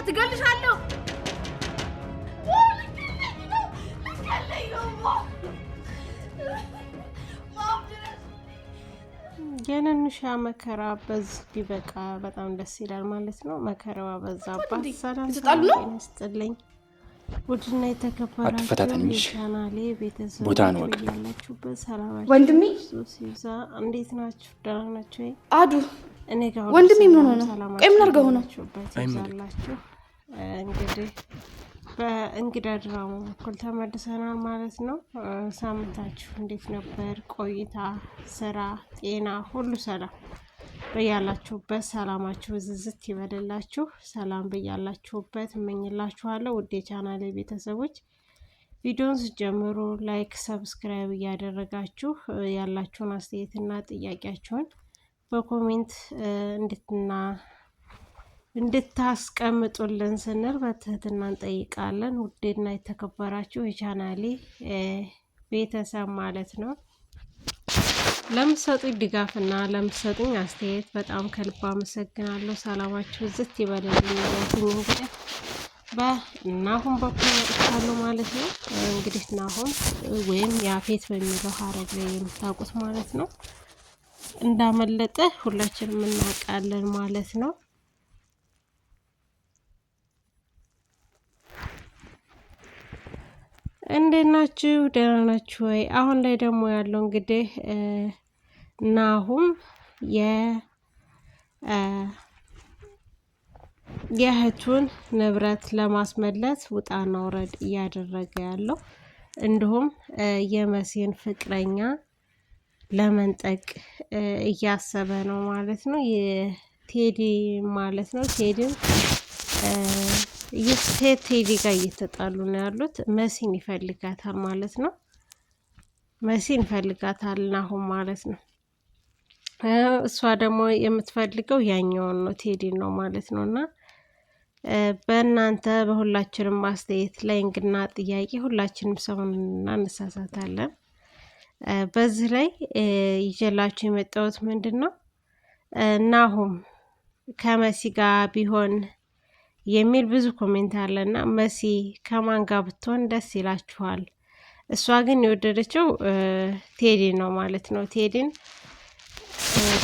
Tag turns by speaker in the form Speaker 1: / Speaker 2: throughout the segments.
Speaker 1: በቃ ትገልሻለሁ።
Speaker 2: የነንሻ መከራ በዚህ ቢበቃ በጣም ደስ ይላል ማለት ነው። መከራዋ
Speaker 1: በዛባት። ሰላም ይስጥልኝ
Speaker 2: ውድና
Speaker 3: የተከበራችሁ የቻናሌ ቤተሰብ ያላችሁበት
Speaker 1: ሰላማችሁ ወንድሜ ሲዛ እንዴት ናችሁ? ደህና ናችሁ አዱ ወንድም ሆነ? ቀይ ምን አድርገው ነው?
Speaker 3: እንግዲህ
Speaker 2: በእንግዳ ድራማ በኩል ተመልሰናል ማለት ነው። ሳምንታችሁ እንዴት ነበር? ቆይታ፣ ስራ፣ ጤና ሁሉ ሰላም በያላችሁበት ሰላማችሁ ዝዝት ይበልላችሁ። ሰላም በያላችሁበት እመኝላችኋለሁ። ውድ የቻናል ቤተሰቦች ቪዲዮን ስጀምሩ ላይክ፣ ሰብስክራይብ እያደረጋችሁ ያላችሁን አስተያየትና ጥያቄያችሁን በኮሜንት እንድትና እንድታስቀምጡልን ስንል በትህትና እንጠይቃለን። ውዴና የተከበራችሁ የቻናሌ ቤተሰብ ማለት ነው ለምሰጡኝ ድጋፍና ለምሰጡኝ አስተያየት በጣም ከልብ አመሰግናለሁ። ሰላማችሁ ዝት ይበልልኝ። እንግዲህ በናሁም በኩል መጥቻለሁ ማለት ነው። እንግዲህ ናሁም ወይም ያፌት በሚለው ሀረግ ላይ የምታውቁት ማለት ነው እንዳመለጠ ሁላችንም እናውቃለን ማለት ነው። እንዴት ናችሁ? ደህና ናችሁ ወይ? አሁን ላይ ደግሞ ያለው እንግዲህ ናሁም የእህቱን ንብረት ለማስመለስ ውጣና ውረድ እያደረገ ያለው እንዲሁም የመሲን ፍቅረኛ ለመንጠቅ እያሰበ ነው ማለት ነው። የቴዲ ማለት ነው። ቴዲም ቴዲ ጋር እየተጣሉ ነው ያሉት። መሲን ይፈልጋታል ማለት ነው። መሲን ይፈልጋታል ናሁን ማለት ነው። እሷ ደግሞ የምትፈልገው ያኛውን ነው ቴዲን ነው ማለት ነው። እና በእናንተ በሁላችንም አስተያየት ላይ እንግና ጥያቄ ሁላችንም ሰውን እናነሳሳታለን። በዚህ ላይ ይዤላችሁ የመጣሁት ምንድን ነው ናሆም ከመሲ ጋር ቢሆን የሚል ብዙ ኮሜንት አለና መሲ ከማን ጋር ብትሆን ደስ ይላችኋል? እሷ ግን የወደደችው ቴዲን ነው ማለት ነው። ቴዲን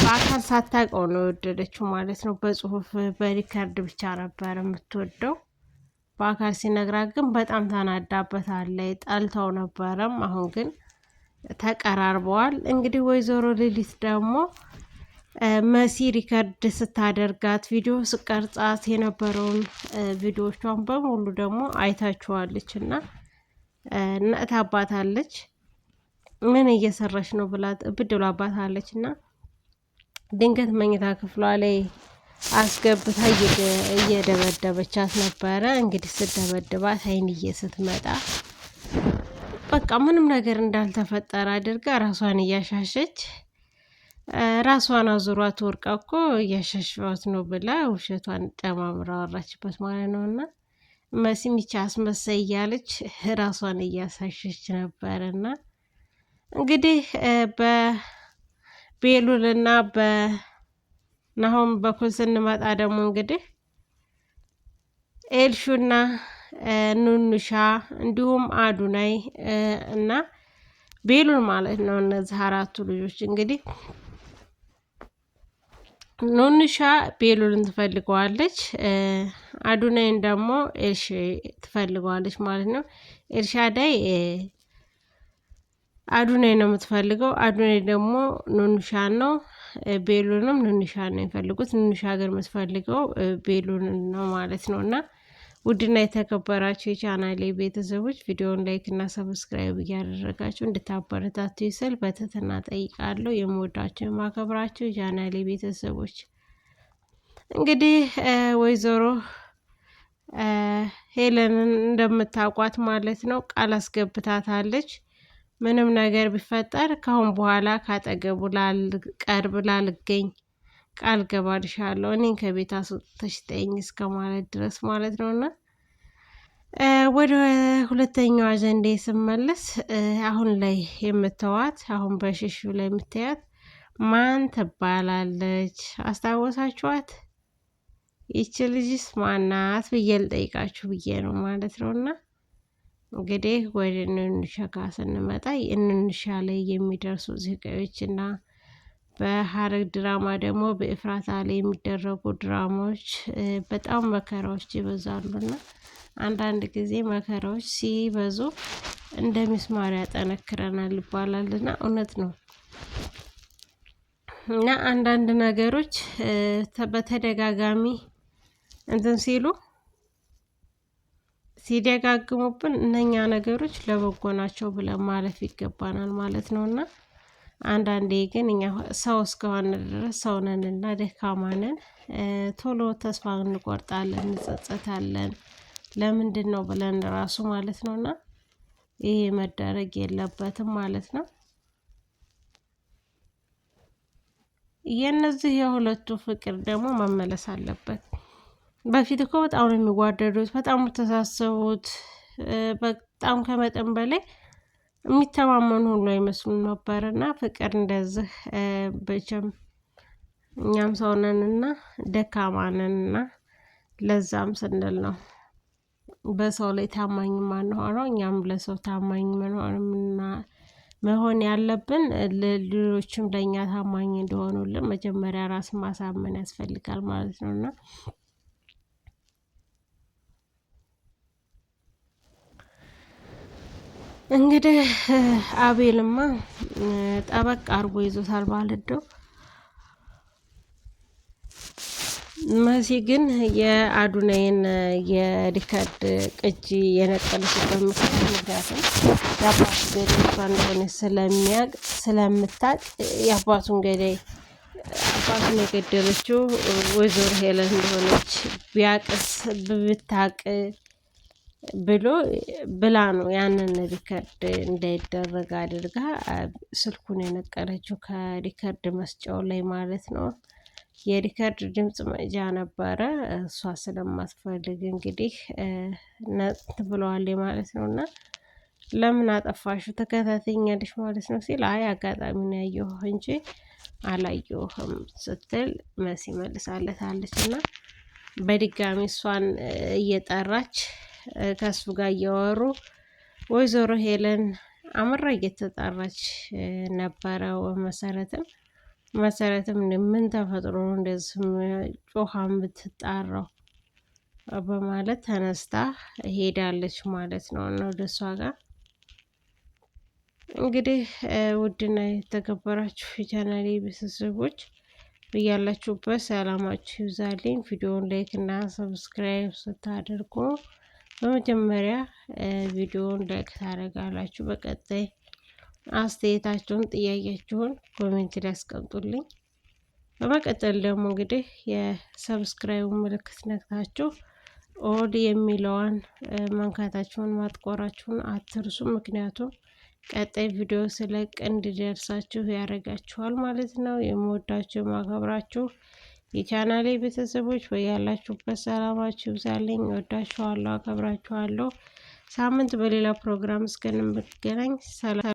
Speaker 2: በአካል ሳታውቀው ነው የወደደችው ማለት ነው። በጽሁፍ በሪከርድ ብቻ ነበር የምትወደው። በአካል ሲነግራት ግን በጣም ታናዳበታለች። ጠልተው ነበረም አሁን ግን ተቀራርበዋል። እንግዲህ ወይዘሮ ሌሊት ደግሞ መሲ ሪከርድ ስታደርጋት ቪዲዮ ስቀርጻት የነበረውን ቪዲዮቿን በሙሉ ደግሞ አይታችኋለች እና አባታለች ምን እየሰራች ነው ብላ ብድሎ አባታለች እና ድንገት መኝታ ክፍሏ ላይ አስገብታ እየደበደበቻት ነበረ። እንግዲህ ስደበድባት አይንዬ ስትመጣ በቃ ምንም ነገር እንዳልተፈጠረ አድርጋ ራሷን እያሻሸች ራሷን አዙሯት ወርቃ እኮ እያሻሸዋት ነው ብላ ውሸቷን ጨማምራ አወራችበት ማለት ነው። እና መሲም ይቻ አስመሳይ እያለች ራሷን እያሳሸች ነበር። እና እንግዲህ በቤሉል በቤሉልና በናሆም በኩል ስንመጣ ደግሞ እንግዲህ ኤልሹና ኑኑሻ እንዲሁም አዱናይ እና ቤሉል ማለት ነው። እነዚህ አራቱ ልጆች እንግዲህ ኑኑሻ ቤሉልን ትፈልገዋለች፣ አዱናይን ደግሞ ኤልሽ ትፈልገዋለች ማለት ነው። ኤልሻዳይ አዱናይ ነው የምትፈልገው፣ አዱናይ ደግሞ ኑኑሻን ነው። ቤሉልንም ኑንሻ ነው የሚፈልጉት። ኑንሻ ግን የምትፈልገው ቤሉልን ነው ማለት ነው እና ውድና የተከበራችሁ የቻናሌ ቤተሰቦች ቪዲዮውን ላይክ እና ሰብስክራይብ እያደረጋችሁ እንድታበረታቱ ስል በትህትና ጠይቃለሁ። የምወዳችሁ የማከብራችሁ የቻናሌ ቤተሰቦች እንግዲህ ወይዘሮ ሄለንን እንደምታውቋት ማለት ነው ቃል አስገብታታለች። ምንም ነገር ቢፈጠር ካሁን በኋላ ካጠገቡ ላልቀርብ ላልገኝ ቃል ገባልሻለሁ እኔን ከቤት አስወጥተሽ ጠኝ እስከ ማለት ድረስ ማለት ነው። እና ወደ ሁለተኛው አጀንዳ ስመለስ አሁን ላይ የምተዋት አሁን በሽሹ ላይ የምትያት ማን ትባላለች? አስታወሳችኋት? ይቺ ልጅስ ማናት ብዬ ልጠይቃችሁ ብዬ ነው ማለት ነው። እና እንግዲህ ወደ እንንሻ ጋር ስንመጣ እንንሻ ላይ የሚደርሱ ዜቃዎች እና በሀረግ ድራማ ደግሞ በኤፍራታ ላይ የሚደረጉ ድራማዎች በጣም መከራዎች ይበዛሉና አንዳንድ ጊዜ መከራዎች ሲበዙ እንደ ሚስማር ያጠነክረናል ይባላልና እውነት ነው። እና አንዳንድ ነገሮች በተደጋጋሚ እንትን ሲሉ ሲደጋግሙብን እነኛ ነገሮች ለበጎ ናቸው ብለን ማለፍ ይገባናል ማለት ነው እና አንዳንዴ ግን እኛ ሰው እስከሆነ ድረስ ሰውነንና ደካማንን ቶሎ ተስፋ እንቆርጣለን፣ እንጸጸታለን። ለምንድን ነው ብለን ራሱ ማለት ነው። እና ይሄ መደረግ የለበትም ማለት ነው። የእነዚህ የሁለቱ ፍቅር ደግሞ መመለስ አለበት። በፊት እኮ በጣም ነው የሚዋደዱት፣ በጣም ተሳሰቡት፣ በጣም ከመጠን በላይ የሚተማመኑ ሁሉ አይመስሉም ነበር እና ፍቅር እንደዚህ በጀም እኛም ደካማነን ና ለዛም ስንል ነው በሰው ላይ ታማኝ ማንሆነው እኛም ለሰው ታማኝ ምንሆንምና መሆን ያለብን ለሌሎችም ለእኛ ታማኝ እንደሆኑልን መጀመሪያ ራስ ማሳመን ያስፈልጋል ማለት ነው እና እንግዲህ አቤልማ ጠበቅ አርጎ ይዞታል ማለት ነው። መሲ ግን የአዱናይን የሪከርድ ቅጂ የነጠለችበት ምክንያት ምክንያቱም የአባቱ ገዳይ እንደሆነ ስለሚያቅ ስለምታቅ የአባቱን ገዳይ አባቱን የገደለችው ወይዘሮ ሄለን እንደሆነች ቢያቅስ ብታቅ ብሎ ብላ ነው ያንን ሪከርድ እንዳይደረግ አድርጋ ስልኩን የነቀለችው ከሪከርድ መስጫው ላይ ማለት ነው። የሪከርድ ድምፅ መቅጃ ነበረ። እሷ ስለማትፈልግ እንግዲህ ነጥ ብለዋል ማለት ነው። እና ለምን አጠፋሹ ተከታተኛለች ማለት ነው ሲል አይ አጋጣሚ ነው ያየሁ እንጂ አላየሁም ስትል መሲ መልሳለታለች። እና በድጋሚ እሷን እየጠራች ከሱ ጋር እያወሩ ወይዘሮ ሄለን አምራ እየተጣራች ነበረ። መሰረትም መሰረትም ምን ተፈጥሮ ነው እንደዚህ ጮሃ የምትጣራው በማለት ተነስታ ሄዳለች ማለት ነው እና ወደ እሷ ጋር እንግዲህ ውድና የተከበራችሁ የቻናሌ ቤተሰቦች እያላችሁበት ሰላማችሁ ይብዛልኝ። ቪዲዮውን ላይክ እና ሰብስክራይብ ስታደርጉ በመጀመሪያ ቪዲዮውን ላይክ ታደርጋላችሁ። በቀጣይ አስተያየታችሁን፣ ጥያቄያችሁን ኮሜንት ላይ ያስቀምጡልኝ። በመቀጠል ደግሞ እንግዲህ የሰብስክራይብ ምልክት ነክታችሁ ኦል የሚለዋን መንካታችሁን ማጥቆራችሁን አትርሱ። ምክንያቱም ቀጣይ ቪዲዮ ስለቅ እንዲደርሳችሁ ያደርጋችኋል ማለት ነው። የምወዳችሁ የማከብራችሁ የቻናሌ ቤተሰቦች በያላችሁበት ሰላማችሁ ይብዛልኝ። ወዳችኋለሁ፣ አከብራችኋለሁ። ሳምንት በሌላ ፕሮግራም እስከምንገናኝ ሰላም